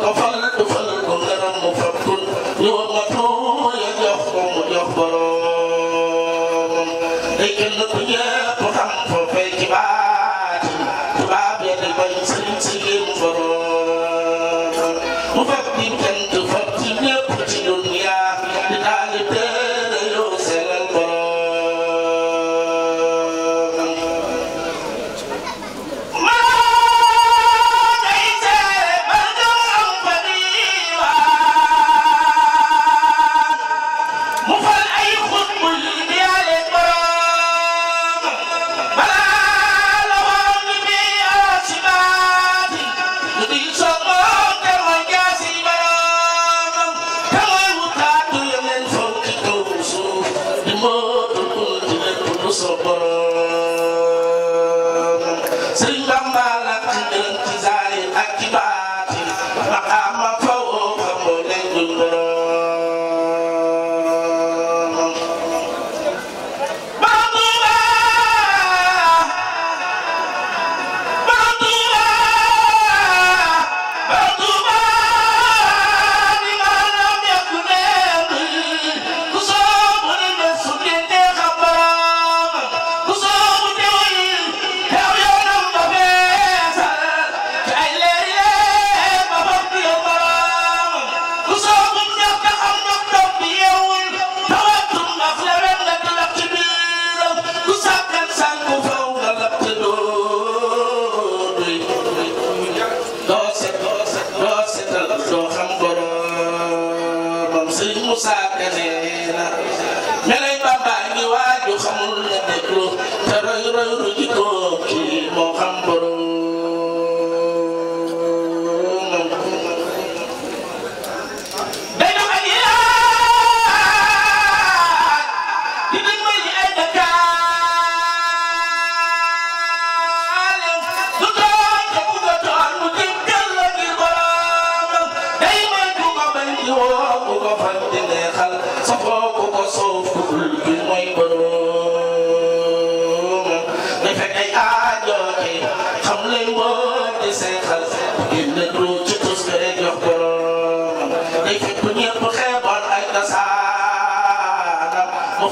ko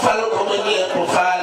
fal ko mu ñepp fal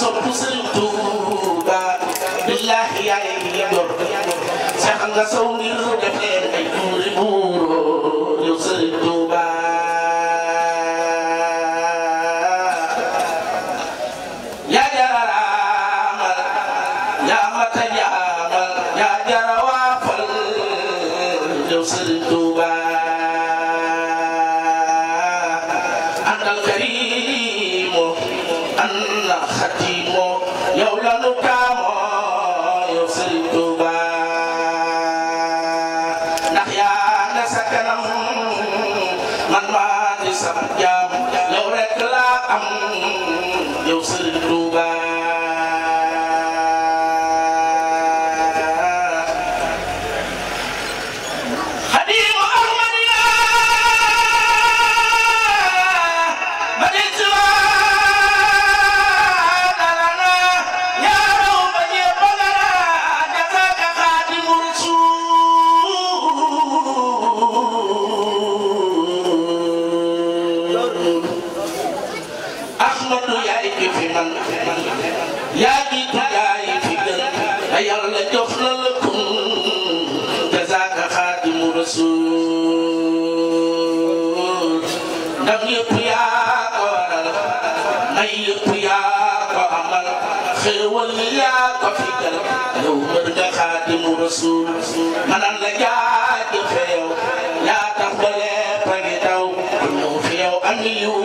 sopp Sëriñ Tuuba billahi yaay yi dor sax nga saw ngir def leen ay yaay ji fi man yaa ji fi yaay fi gën a yàlla jox la lëkkum jazaaka xaadimu rasuul ndam yëpp yaa ko waral may yëpp yaa ko amal xéewal yaa ko fi gën yow mër nga xaadimu rasuul manan la jaajëfe yow yaa tax ba lépp a ngi daw ñëw fi yow am yow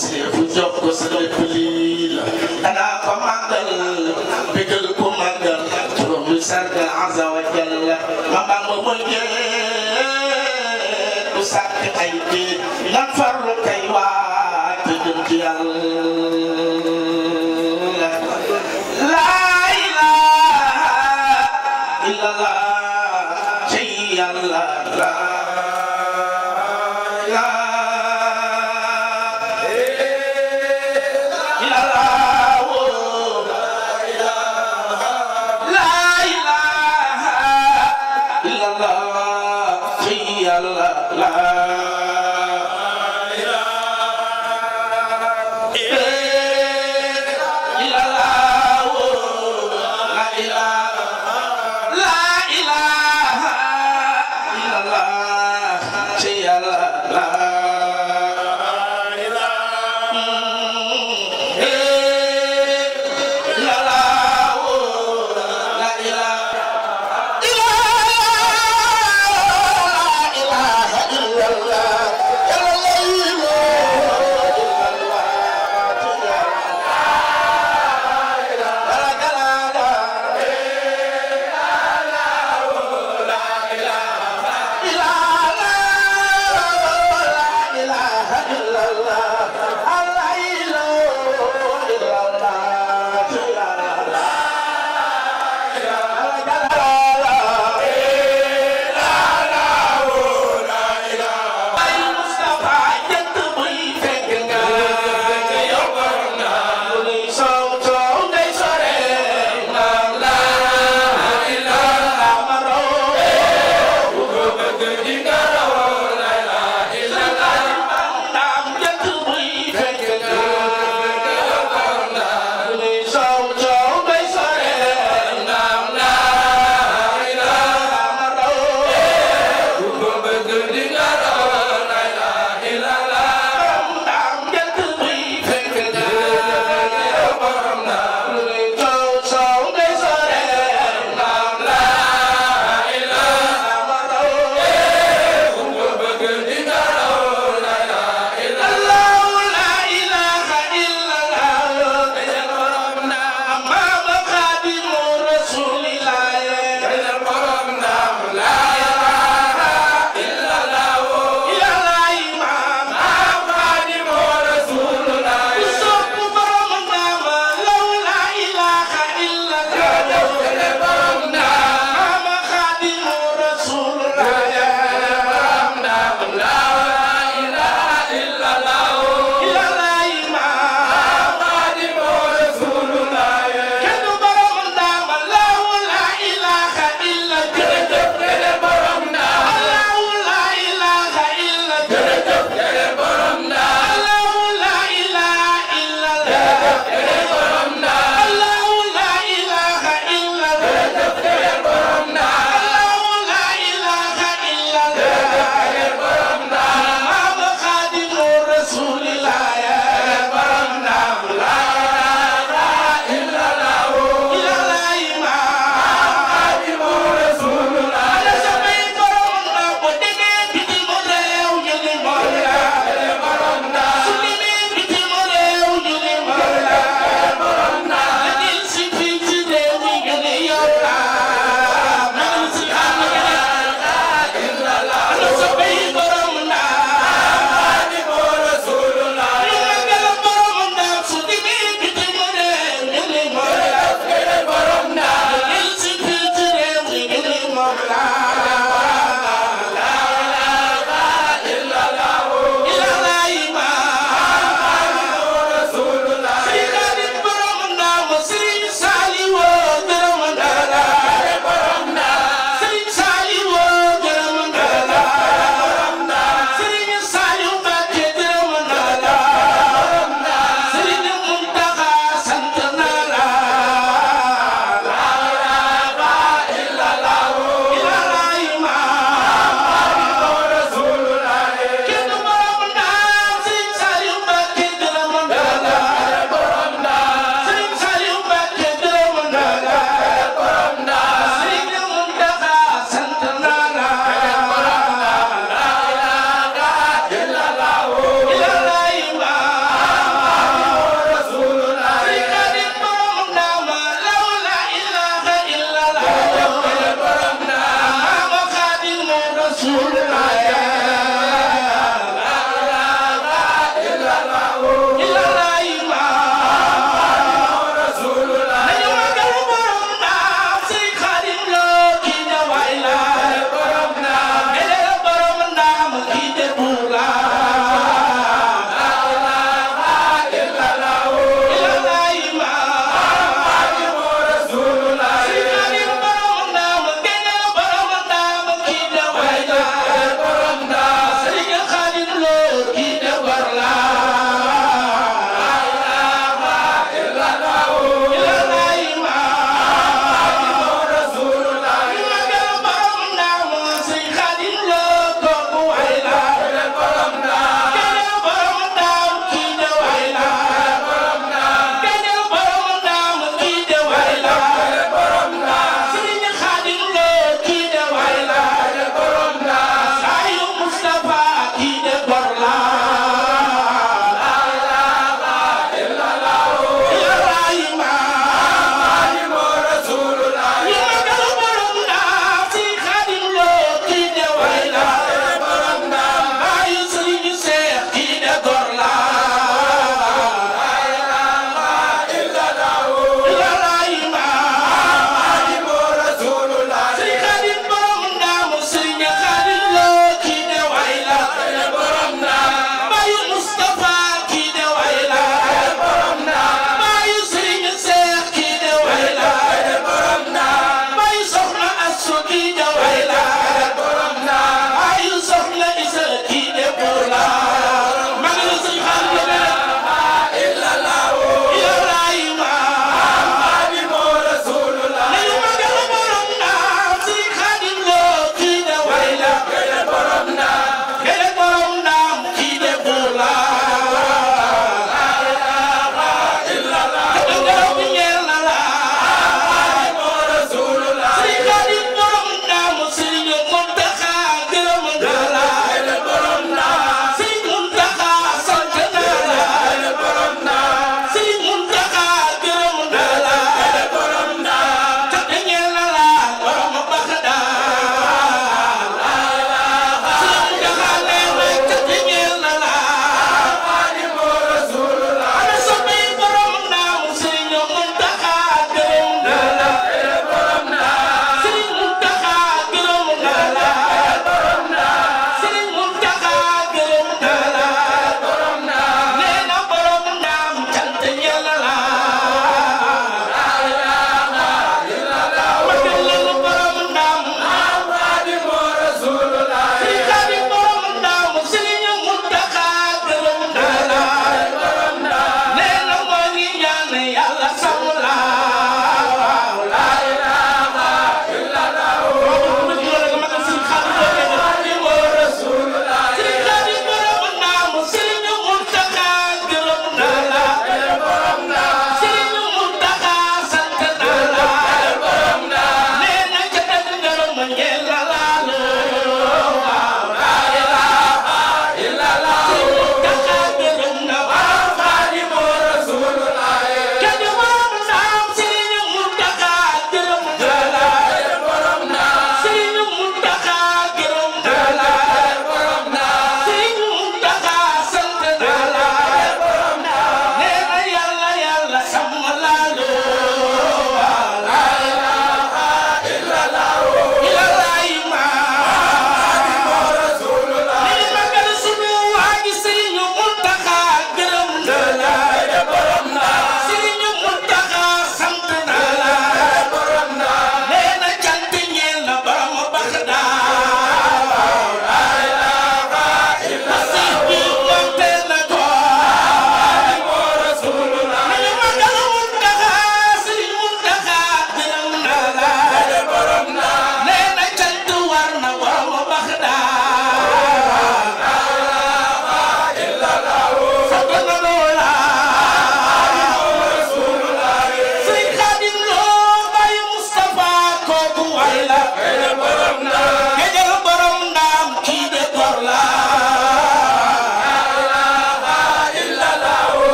Basiir jox ko sa lépp lii la danaa ko màggal bégal ko màggal mu sargal azza wa jalla ma Bamba mooy jëlee du sàkk ay déet na farlu kay waa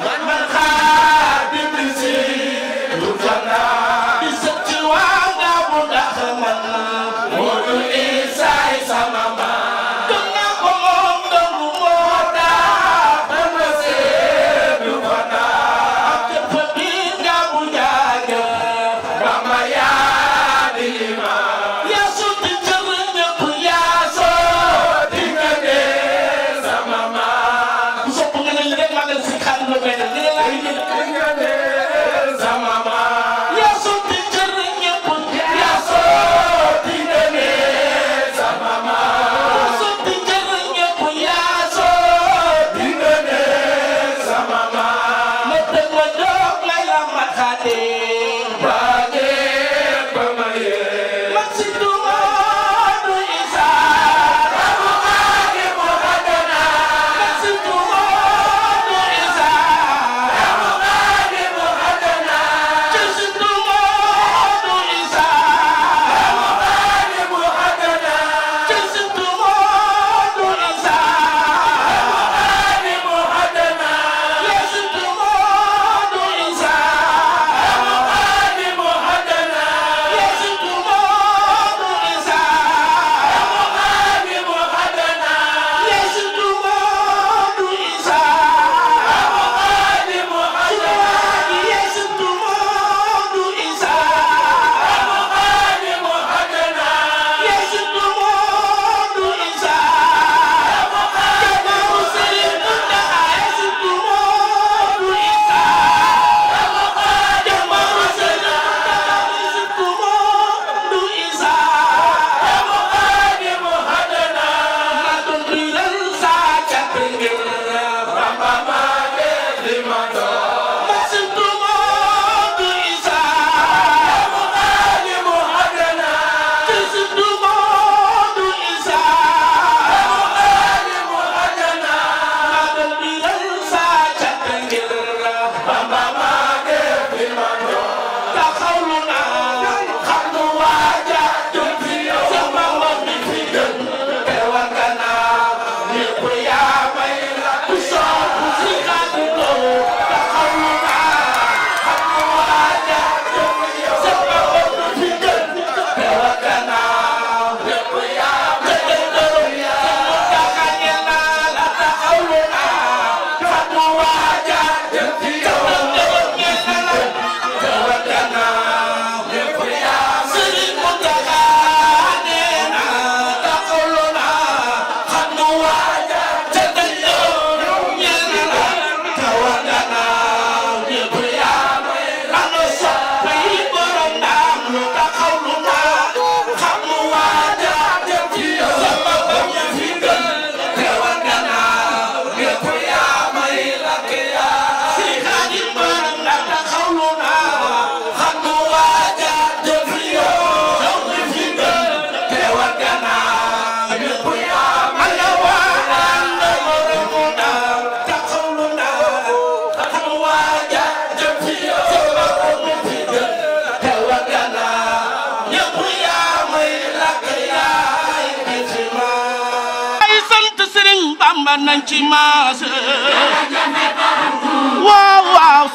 من من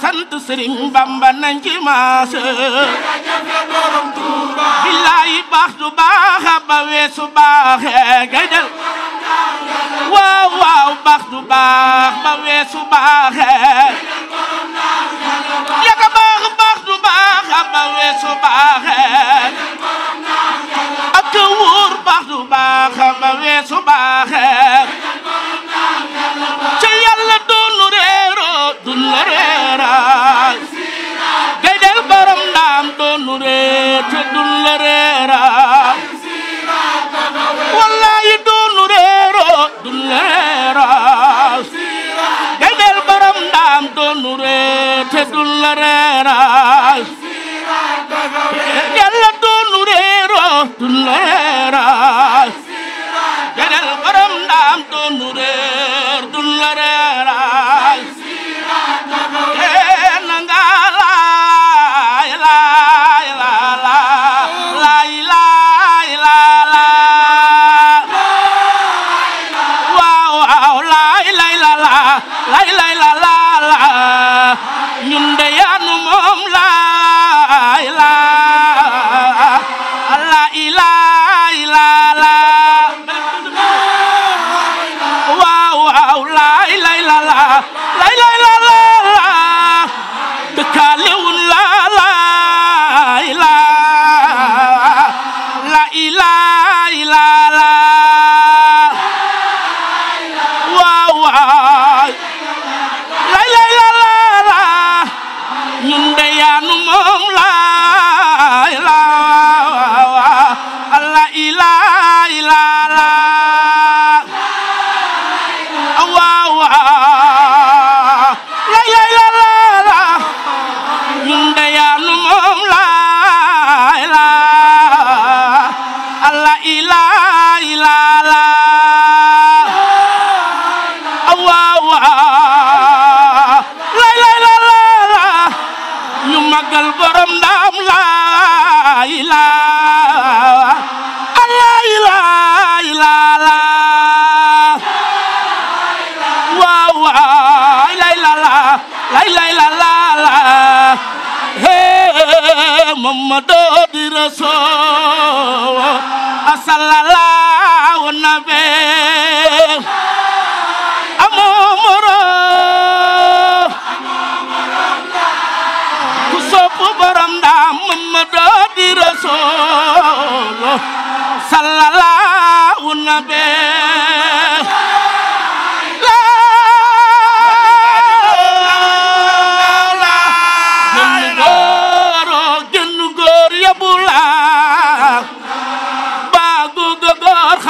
sant Sëriñ Bamba nañ ci maase jërëjëfe borom Tuuba billaay baax du baaxa ba weesu baaxe kay del waaw waaw baax du baax ba weesu baaxe yaka baax baax du baaxa ba weesu baaxe waaw waaw laay lay la la lay lay la la la dëkkaal محمد رسول صلى الله النبي أمام رب كسب برم دام محمد رسول صلى الله النبي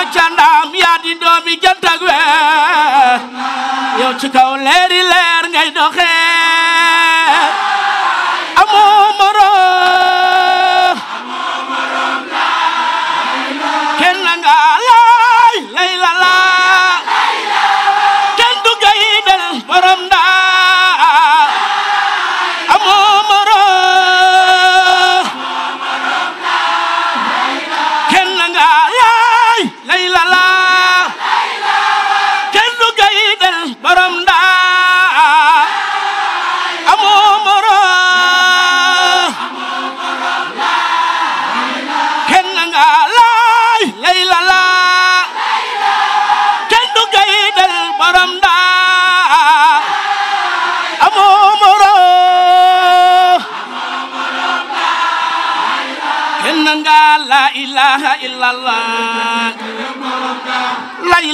ma candaam yaa di doomi jant ak weer ci kaw leeri leer ngay doxee amoo moroom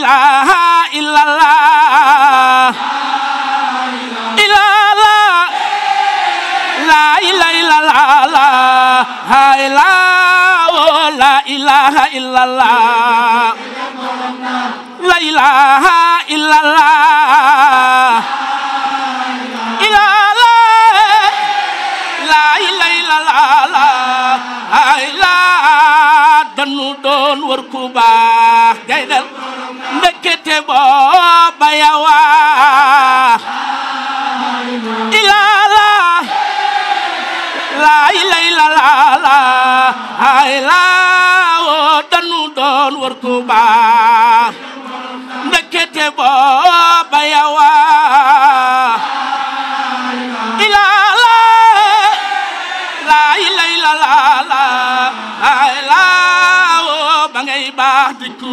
ilaha illallah illallah la ilaha illallah ha illallah la ilaha illallah la ilaha illallah illallah la ilaha illallah ha illallah doon wër ku te booba yawaa ilaala laa ilay la laala ay laawoo danu doon war Tuuba ndekete booba yawaa ilaala laa ilay la laala ay laawoo ba ngay baax dikku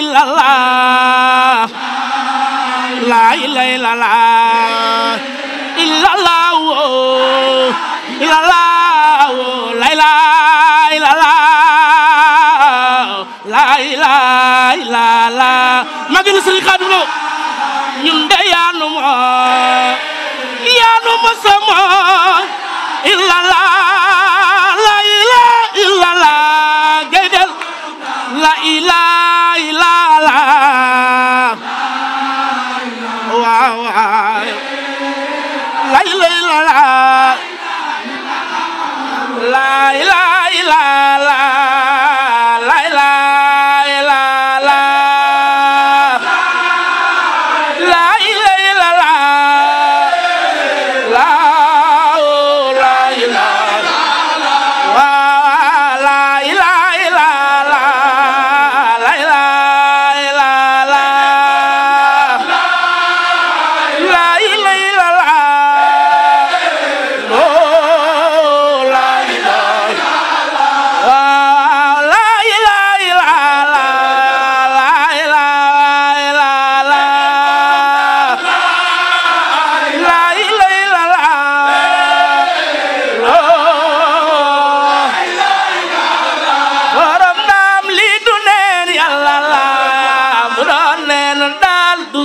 illallah la ilaha illallah illallah oh. Oh. illallah la ilaha illallah la ilaha illallah magal Serigne Khadim Lo ñun de yaanu mo yaanu mo sama illallah life.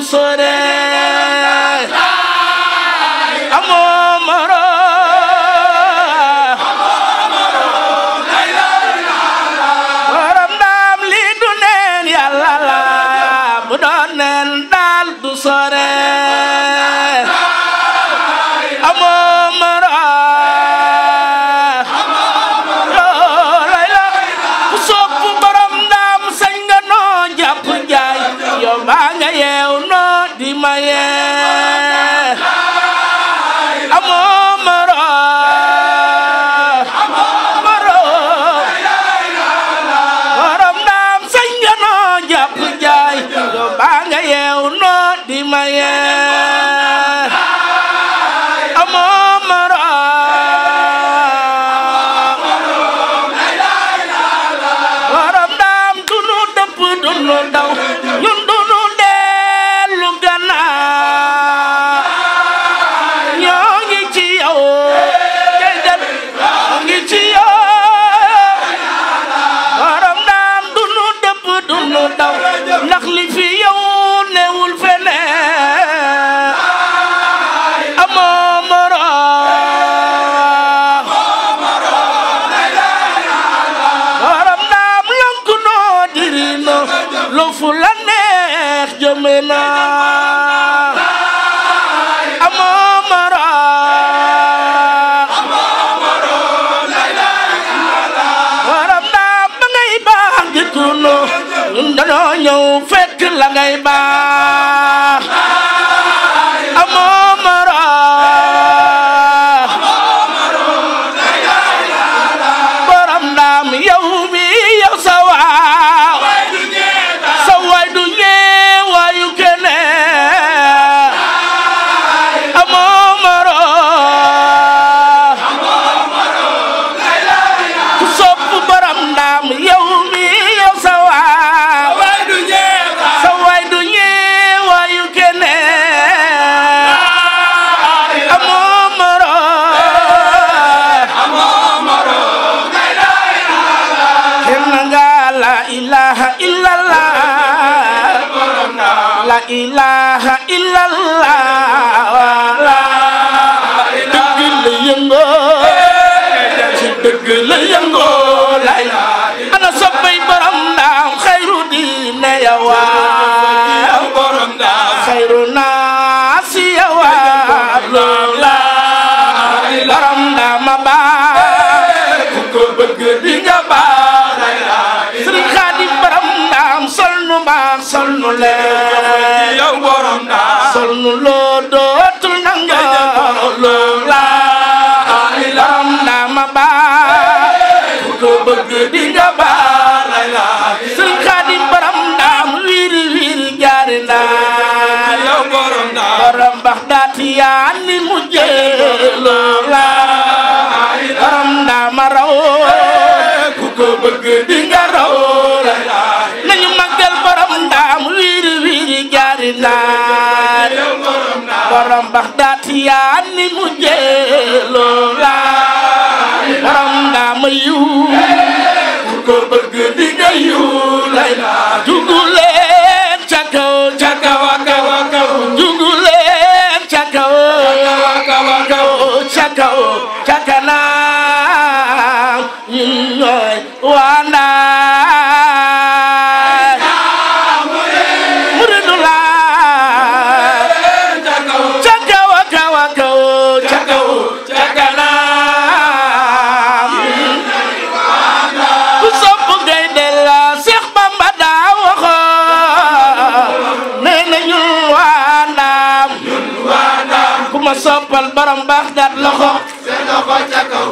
for that. dinga baal lay laay sëñ Xaadim borom ndaam wiiri wiiri jaari ndaam yow borom ndaam borom bax daati yaa ni mujje loo laay borom ndaam a raw eh, ku ko bëgg dinga raw lay laay nañu màggal borom ndaam wiiri wiiri jaari ndaam borom bax daati yaa ni mujje loo laay borom ndaam a yiw ko bëgg di nga yu lay laa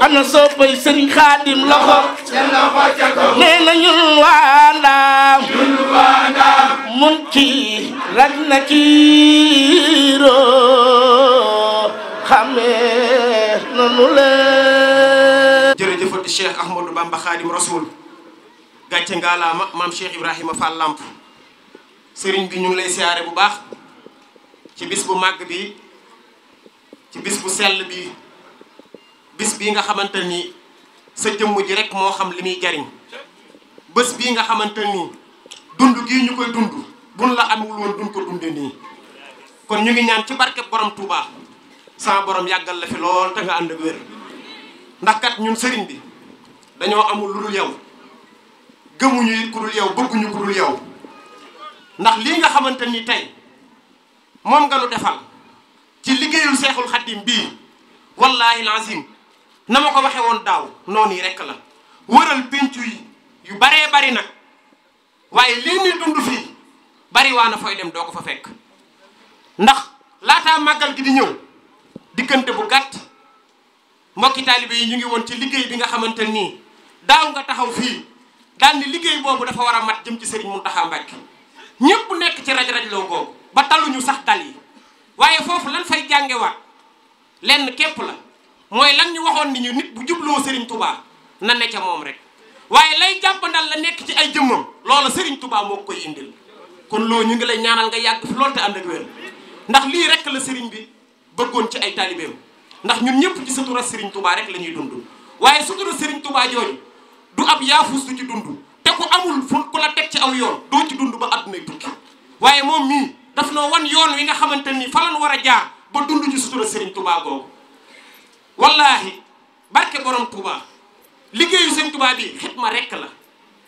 ana soppay sëriñ xaadim loxo nee na ñun waa ndaam mun ci rag na ci roo xamee nanu leen jërëjëfati Cheikh Ahmadou Bamba Xaadim Lamp sëriñ bi ñu ngi lay siyaare bu baax ci bis bu màgg bi ci bis bu sell bi bis bii nga xamante ni sa jëmm ji rek moo xam li muy jariñ bés bii nga xamante ni dund gii ñu koy dund buñ la amul woon duñ ko dunde nii kon ñu ngi ñaan ci barke borom Touba sa borom yàggal la fi lool te nga ànd ak wér ndax kat ñun sëriñ bi dañoo amul lu dul yow gëmuñu it ku dul yow bëgguñu ku dul yow ndax lii nga xamante ni tey moom nga nu defal ci liggéeyul seexul xaddim bii wallaahi lazim na ma ko waxee woon daaw noonu yi rek la wëral péncu yi yu baree bari nag waaye lii ñuy dund fii bari waa na fooy dem doo ko fa fekk ndax laataa màggal gi di ñëw diggante bu gàtt mbokki taalibe yi ñu ngi woon ci liggéey bi nga xamante nii daaw nga taxaw fii daal ni liggéey boobu dafa war a mat jëm ci Serigne Mountakha Mbacké ñëpp nekk ci raj-raj loo googu ba taluñu sax dal waaye foofu lan fay jàngewaat lenn képp la mooy lan ñu waxoon ni ñu nit bu jubloo Serigne Touba na ne ca moom rek waaye lay jàppandal la nekk ci ay jëmmam loola Serigne Touba moo koy indil kon loo ñu ngi lay ñaanal nga yàgg fi loolu te ànd ak ndax lii rek la Serigne bi bëggoon ci ay taalibeem ndax ñun ñëpp ci sutura Serigne Touba rek la ñuy dund waaye sutura Serigne tubaa jooju du ab yaafus du ci dund te ku amul fu ku la teg ci aw yoon doo ci dund ba àddunay tukki waaye moom mii daf noo wan yoon wi nga xamante ni fa lan war a jaar ba dund ci sutura Serigne Touba googu wallaahi barke borom Touba liggéeyu sëñ Touba bi xitma rekk la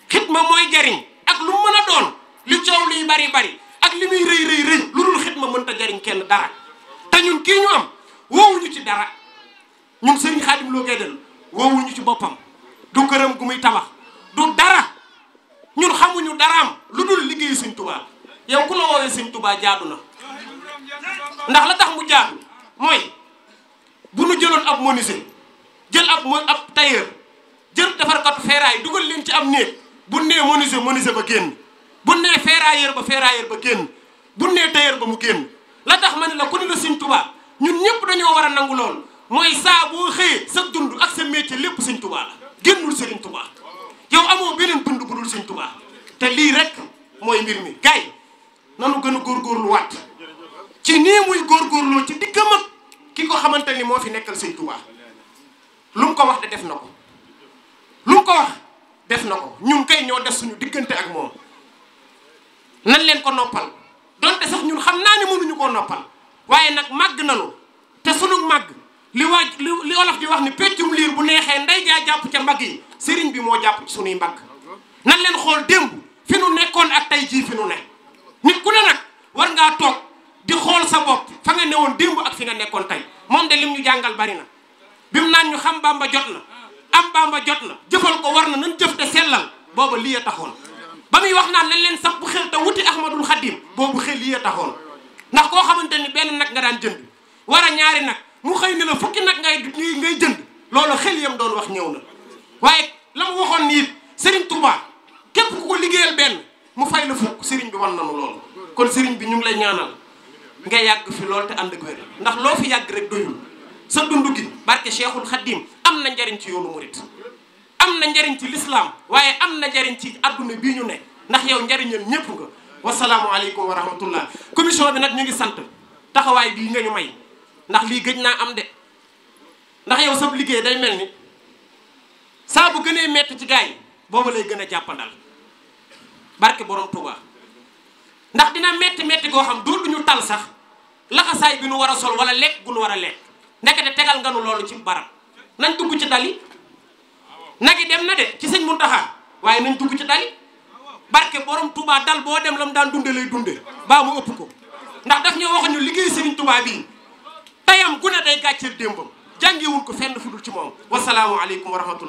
xitma mooy jariñ ak lu mën a doon li coow liy bari bari ak li muy rëy rëy rëy lu dul xitma mënta jariñ kenn dara te ñun kii ñu am woowuñu ci dara ñun sëriñ Xaadim Lo Gaydel woowuñu ci boppam du këram gumuy muy tabax du dara ñun xamuñu dara am lu dul liggéeyu sëñ Touba yow ku la woowee sëñ Touba na ndax la tax mu jaadu mooy bu nu jëloon ab menuisier jël ab mo ab tailleur jël defarkatu ferraille dugal leen ci am néeg bu nee menuisier menuisier ba génn bu nee ferrailleur ba ferrailleur ba génn bu nee tailleur ba mu génn la tax ma ne la ku ne la Sëñ Tuubaa ñun ñëpp dañoo war a nangu lool mooy saaboo boo xëyee sa dund ak sa métier lépp Sëñ Tuubaa la génnul Sëriñ Tuubaa yow amoo beneen dund bu dul Sëñ Tuubaa te lii rek mooy mbir mi gars na nu gën a góorgóorlu waat ci nii muy góorgóorloo ci digg mag ki ko xamante ni moo fi nekkal sëñ Tuubaa lu mu ko wax de def na ko lu ko wax def na ko ñun kay ñoo def suñu diggante ak moom nan leen ko noppal donte sax ñun xam naa ne mënuñu koo noppal waaye nag màgg nanu te sunu màgg li waaj li olof di wax ni peccum liir bu neexee nday jaa jàpp ca mbag yi sëriñ bi moo jàpp suñuy sunuy nan leen xool démb fi nu nekkoon ak tey jii fi nu ne nit ku ne nag war ngaa toog di xool sa bopp fa nga newoon démb ak fi nga nekkoon tey moom de lim ñu jàngal bari na bi mu naan ñu xam bamba jot na am bamba jot na jëfal ko war na nan jëf te sellal booba lii a taxoon ba muy wax naan nañ leen sax bu xel te wuti ahmadul xadim boobu xel lii a taxoon ndax koo xamante ni benn nag nga daan jënd war a ñaari nag mu xëy ni la fukki nag ngay ngay jënd loolu xel yam doon wax ñëw na waaye la mu waxoon ni it Serigne Touba képp ku ko liggéeyal benn mu fay la fukk Serigne bi wan nanu loolu kon Serigne bi ñu ngi lay nga yàgg fi lool te ànd ak wér ndax loo fi yàgg rek doyul sa dund gi barke Cheikhul Khadim am na njariñ ci yoonu murit am na njariñ ci lislaam waaye am na njariñ ci àdduna bii ñu ne ndax yow njariñal ñëpp nga wasalaamualeykum wa rahmatullah commission bi nag ñu ngi sant taxawaay bii nga ñu may ndax lii gëj naa am de ndax yow sab liggéey day mel ni saa bu gënee metti ci gars yi booba lay gën a jàppandal barke borom Touba ndax dina metti metti goo xam dootuñu tal sax laxasaay bi nu war a sol wala lekk gu nu war a lekk ndekete tegal nga nu loolu ci barab nañ dugg ci dali nagi dem na de ci sëñ Muntaxa waaye nañ dugg ci dali barke borom tubaa dal boo dem lam daan dunde lay dunde baa mu ëpp ko ndax daf wax ñu liggéey sëriñ Touba bii tayam gu ne day gàcceel démbam jàngiwul ko fenn fu dul ci moom wasalaamu aleykum wa